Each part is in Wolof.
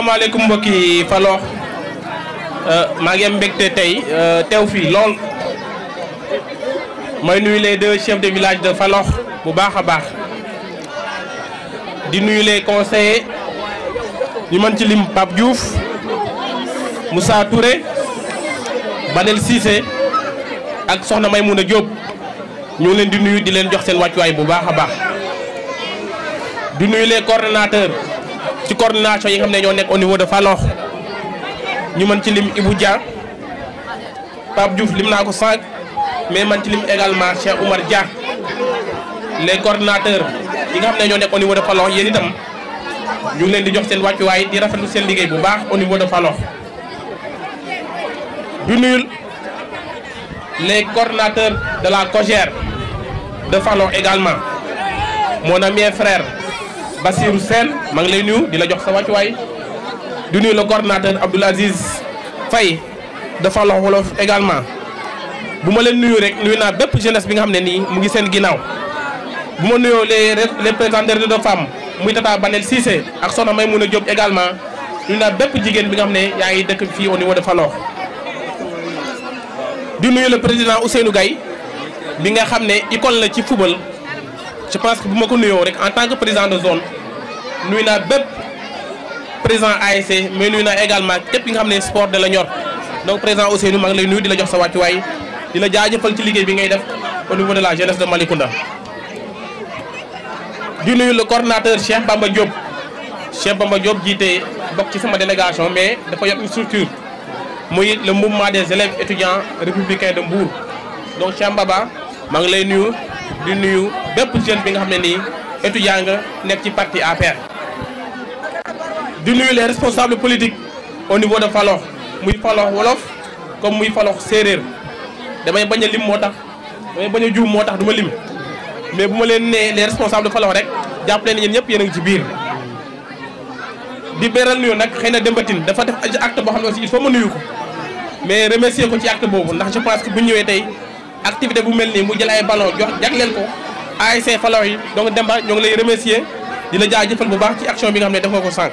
asalaamaaleykum mbokki Falokh euh, maa ngi am mbégte tey euh, tew fii lool may nuyu les deux chefs de village de Falokh bu baax a baax di nuyu les conseillers ñu mën ci lim Pape Diouf Moussa Touré Banel Cissé ak Soxna may Maymouna Diop ñu ngi leen di nuyu di leen jox seen wàccuwaay bu baax a baax di nuyu les coordonnateurs. ci coordination yi nga xam ne ñoo nekk au niveau de Falokh ñu mën ci lim Ibou Dia Pape Diouf lim naa ko sànq mais mën ci lim également Cheikh Oumar Dia les cordinateur yi nga xam ne ñoo nekk au niveau de Falokh yéen itam ñu ngi leen di jox seen wàccuwaay di rafetlu seen liggéey bu baax au niveau de Falokh du nuyul les cordinateur de la COJER de Falokh également moo ami et frère Bassirou seen maa ngi lay nuyu di la jox sa wàccuwaay di nuyu le coordonnateur Abdoul Aziz Faye de Fallo Wolof également bu ma leen nuyu rek nuyu naa bépp jeunesse bi nga xam ne nii mu ngi seen ginnaaw bu ma nuyoo les représentants de femmes muy Tata Banel Cissé ak Soxna a jot également nuyu naa bépp jigéen bi nga xam ne yaa ngi dëkk fii au niveau de Fallo di nuyu le président seenu gay bi nga xam ne icône la ci football. je pense que bu ma ko nuyoo rek en tant que président de zone nuyu naa bépp président ASC mais nuyu naa également képp nga xam ne sport de la ñor donc président Ousseynou maa ngi lay nuyu di la jox sa wàccuwaay di la jaajëfal ci liggéey bi ngay def au niveau de la jeunesse de Malicounda. di nuyu le coordonnateur Cheikh Bamba Diop Cheikh Bamba Diop jiite bokk ci sama délégation mais dafa yor une muy le mouvement des élèves étudiants républicains de Mbour donc Cheikh Baba maa ngi lay nuyu. di nuyu bépp jeune bi nga xam ne nii étudiant nga nekk ci parti APR. di nuyu les responsables politiques au niveau de Falokh muy Falokh wolof comme muy Falokh séeréer damay bañ a lim moo tax damay bañ a juum moo tax duma lim mais bu ma leen nee les responsables de rek jàpp leen yéen ñëpp yéen a ngi ci biir. di beral nuyu nag xëy na dembatin dafa def acte boo xam ne si il faut ma nuyu ko mais remercier ko ci acte boobu ndax je pense que bu ñëwee tey. activité bu mel nii mu jël ay ballon jox jagleel ko ASC Falaax yi donc Demba ñoo ngi lay remercier dina la jaajëfal bu baax ci action bi nga xam ne def nga ko sànq.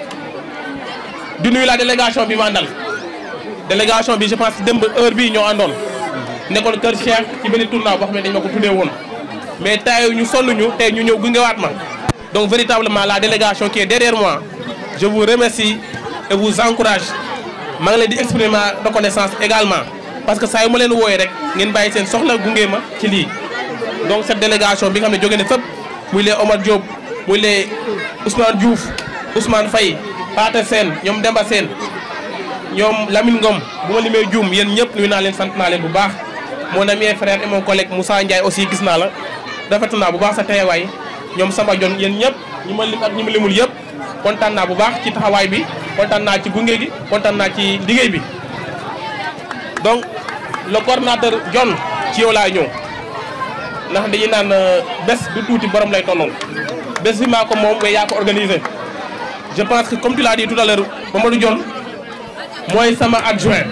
di nuyu la délégation bi ma àndal délégation bi je pense démb heure bi ñoo àndoon nekkoon Kër Cheikh ci benn tournoi boo xam ne dañ ma ko tuddee woon mais tey ñu sonn ñu tey ñu ñëw gungewaat ma donc véritablement la délégation qui est derrière moi je vous remercie et vous encourage maa ngi leen di exprimer ma reconnaissance également. parce que saa yu ma leen wooyee rek ngeen bàyyi seen soxla gunge ma ci lii donc cette délégation bi nga xam ne jóge na fépp muy les Omar Diop muy les Ousmane Diouf Ousmane Faye Paate Sène ñoom Demba Sène ñoom Lamine Ngom bu ma limee juum yéen ñëpp nuyu naa leen sant naa leen bu baax moo ami frère et mon collègue Moussa Ndiaye aussi gis naa la rafet naa bu baax sa teewaay ñoom Samba Dione yéen ñëpp ñi ma lim ak yëpp kontaan naa bu baax ci taxawaay bi kontaan naa ci gunge gi kontaan naa ci liggéey bi le coordonnateur John ci yow laay ñëw ndax dañuy naan euh, bés du tuuti borom lay tolloo bés bi maa moom mais yaa ko organisé je pense que comme tu l'as dit tout à l'heure Mamadou John mooy sama adjoint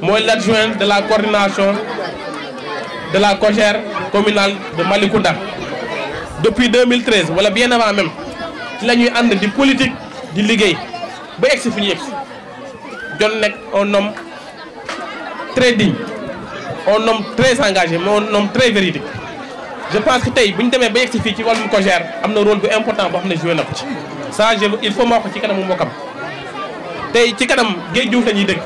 mooy l'adjoint de la coordination de la COJER communale de Malikounda depuis 2013 wala bien avant même ci la ñuy ànd di politique di liggéey ba egsi fu ñu egsi John nekk un homme très digne un homme très engagé mais un homme très je pense que tey bu ñu demee ba yegg si fii ci wàllum Cogère am na rôle bu important boo xam ne joué na ko ci ça je il faut ma wax ko ci kanamu mbokkam tey ci kanam géej Diouf la ñuy dëkk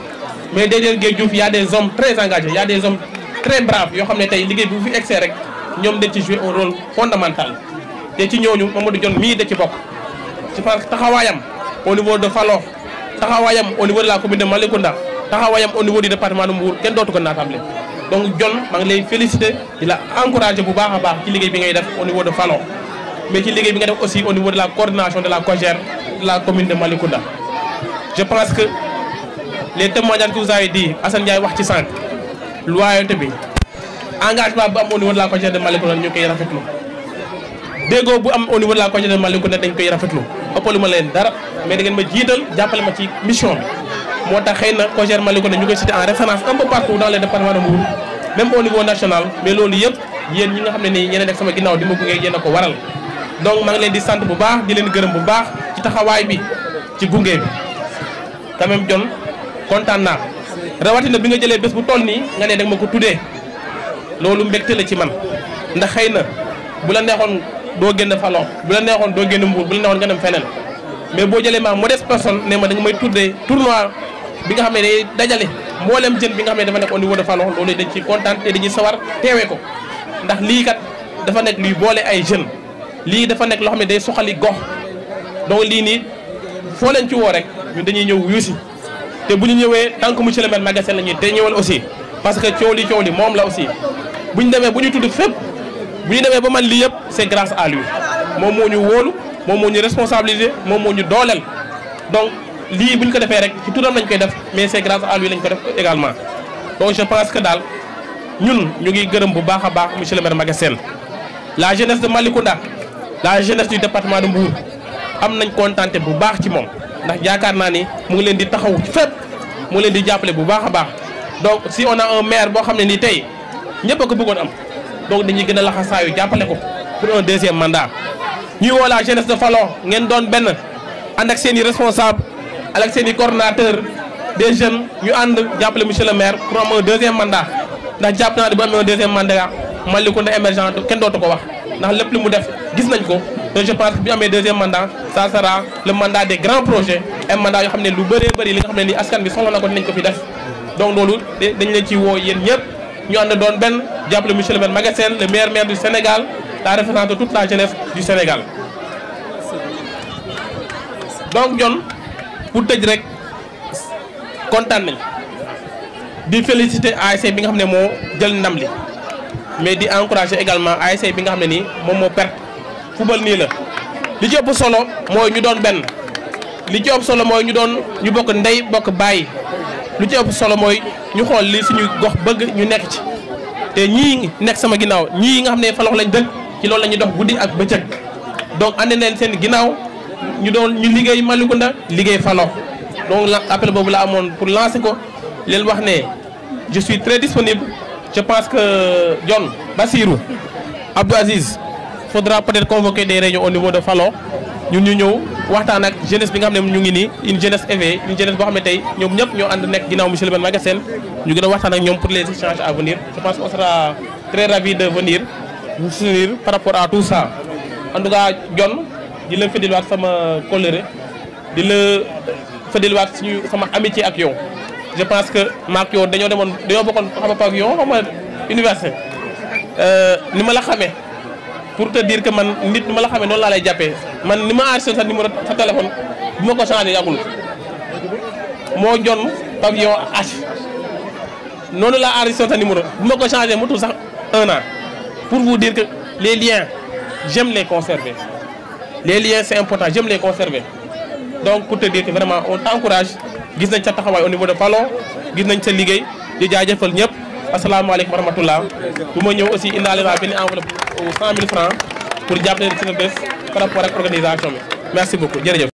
mais derrière Guèye Diouf y a des hommes très engagés y des hommes très braves yoo xam ne tey liggéey bu fi excès rek ñoom dañ ci joué un rôle fondamental te ci ñooñu Mamadou Dione mii da ci bokk je pense que taxawaayam au niveau de Falokh taxawaayam au niveau de la commune de Malicounda taxawaayam au niveau du département de Mbour kenn dootu ko naatable donc John maa ngi lay féliciter di la encourager bu baax a baax ci liggéey bi ngay def au niveau de Falon mais ci liggéey bi nga def aussi au niveau de la coordination de la COJER de commune de Malikounda je pense que les témoignages que vous avez dit Assane Ndiaye wax ci sànq loyauté bi engagement bu am au niveau de la COJER de Malikounda ñu koy rafetlu déggoo bu am au niveau de la COJER de Malikounda dañ koy rafetlu ëppaluma leen dara mais da ngeen ma jiital jàppale ma ci mission bi moo tax xëy na Cogère Malick ne ñu koy cité en référence un peu partout dans les départements de Mbour même national mais loolu yëpp yéen ñi nga xam ne nii ñeneen ak sama ginnaaw di ma gunge yéen a ko waral donc maa leen di sant bu baax di leen gërëm bu baax ci taxawaay bi ci gunge bi quand même John kontaan naa rawatina bi nga jëlee bés bu toll nii nga ne dag ma ko tuddee loolu mbégte la ci man ndax xëy na bu la neexoon doo génn Falon bu la neexoon doo génn Mbour bu la neexoon nga dem feneen mais boo jëlee ma modeste personne ne ma da may tuddee tournoi bi nga xam ne day dajale mboolem jën bi nga xam ne dafa nekk au niveau de Fanon loolu dañ ciy kontaan te dañuy sawar teewee ko ndax lii kat dafa nekk luy boole ay jeunes lii dafa nekk loo xam ne day soxali gox donc lii nii foo leen ci woo rek ñun dañuy ñëw yuusi te bu ñu ñëwee tant mu monsieur le maire magasin la ñuy day aussi parce que coow li coow li moom la aussi bu ñu demee bu ñu tudd fépp bu ñu demee ba man lii yëpp c'est grâce à lui moom moo ñu wóolu moom moo ñu responsabilisé moom moo ñu dooleel lii bu ñu ko defee rek ci turam lañ koy def mais c'est grâce à lui ko def également. donc je pense que daal ñun ñu ngi gërëm bu baax a baax monsieur le maire Maguette Sène la jeunesse de Malicounda la jeunesse du département de Mbour am nañ contenté bu baax ci moom ndax yaakaar naa ni mu ngi leen di taxaw ci fépp mu ngi leen di jàppale bu baax a baax donc si on a maire boo xam ne nii tey ñëpp a ko bëggoon am donc dañuy gën a laxasaayu jàppale ko pour un deuxième mandat ak seen i coordonnateur des jeune ñu ànd jàppale monsieur le maire pour am un deuxième mandat ndax jàpp naa ne bu amee un deuxième mandat Malicounda émergente kenn dootu ko wax ndax lép li mu def gis nañ ko te je pense que bu amee deuxième mandat ça sera le mandat de grands projets ay mandat yoo xam ne lu bëree bëri li nga xam ne nii askan bi soxla na ko dinañ ko fi def donc loolu dañ leen ci woo yéen ñëpp ñu ànd doon benn jàppale monsieur le maire Maguette Sène le meilleur maire du Sénégal la référence de toute la pour tëj rek kontaan nañ di féliciter ASC bi nga xam ne moo jël ndam li mais di encourager également ASC bi nga xam ne nii moom moo perte football nii la li ci ëpp solo mooy ñu doon benn li ci ëpp solo mooy ñu doon ñu bokk ndey bokk bàyyi lu ci ëpp solo mooy ñu xool li suñu gox bëgg ñu nekk ci te ñii nekk sama ginnaaw ñii nga xam ne falox lañ dëkk ci lool la ñuy dox guddi ak bëccëg donc ànd leen seen ginnaaw ñu doon ñu liggéey Malicounda liggéey Falox donc la appel boobu la amoon pour lancer ko leen wax ne je suis très disponible je pense que John Bassirou Abdou Aziz faudra peut-être convoquer des réunions au niveau de Falox ñun ñu ñëw waxtaan ak jeunesse bi nga xam ne ñu ngi nii une jeunesse éveillée une jeunesse boo xam ne tey ñoom ñëpp ñoo ànd nekk ginnaaw monsieur le ñu gën a waxtaan ak ñoom pour les échanges à venir je pense qu'on sera très ravi de venir rapport à tout ça en dina la fëdilwaat sama colère di la fëdilwaat suñu sama amitié ak yow je pense que maak yow dañoo demoon dañoo bokkoon xam ak yow xam nga université euh, ni ma la xame pour te dire que man nit ni ma la xamee noonu laa lay jàppee man ni ma enregistré sa numéro sa téléphone bi ma ko changé yàggul moo jon pavillon H noonu laa enregistré sa numéro bi ma ko changé mu tudd sax un an pour vous dire que les liens j'aime les conserver le liens c'est important j'aime les conserver donc pour dire que vraiment on t'encourage gis nañ sa taxawaay au niveau de Ballon gis nañ sa liggéey di jaajëfal ñëpp asalaamaaleykum wa rahmatullah bu ma ñëw aussi indaale naa benn enveloppe 100 000 francs pour jàppale si na bés par rapport ak organisation bi merci beaucoup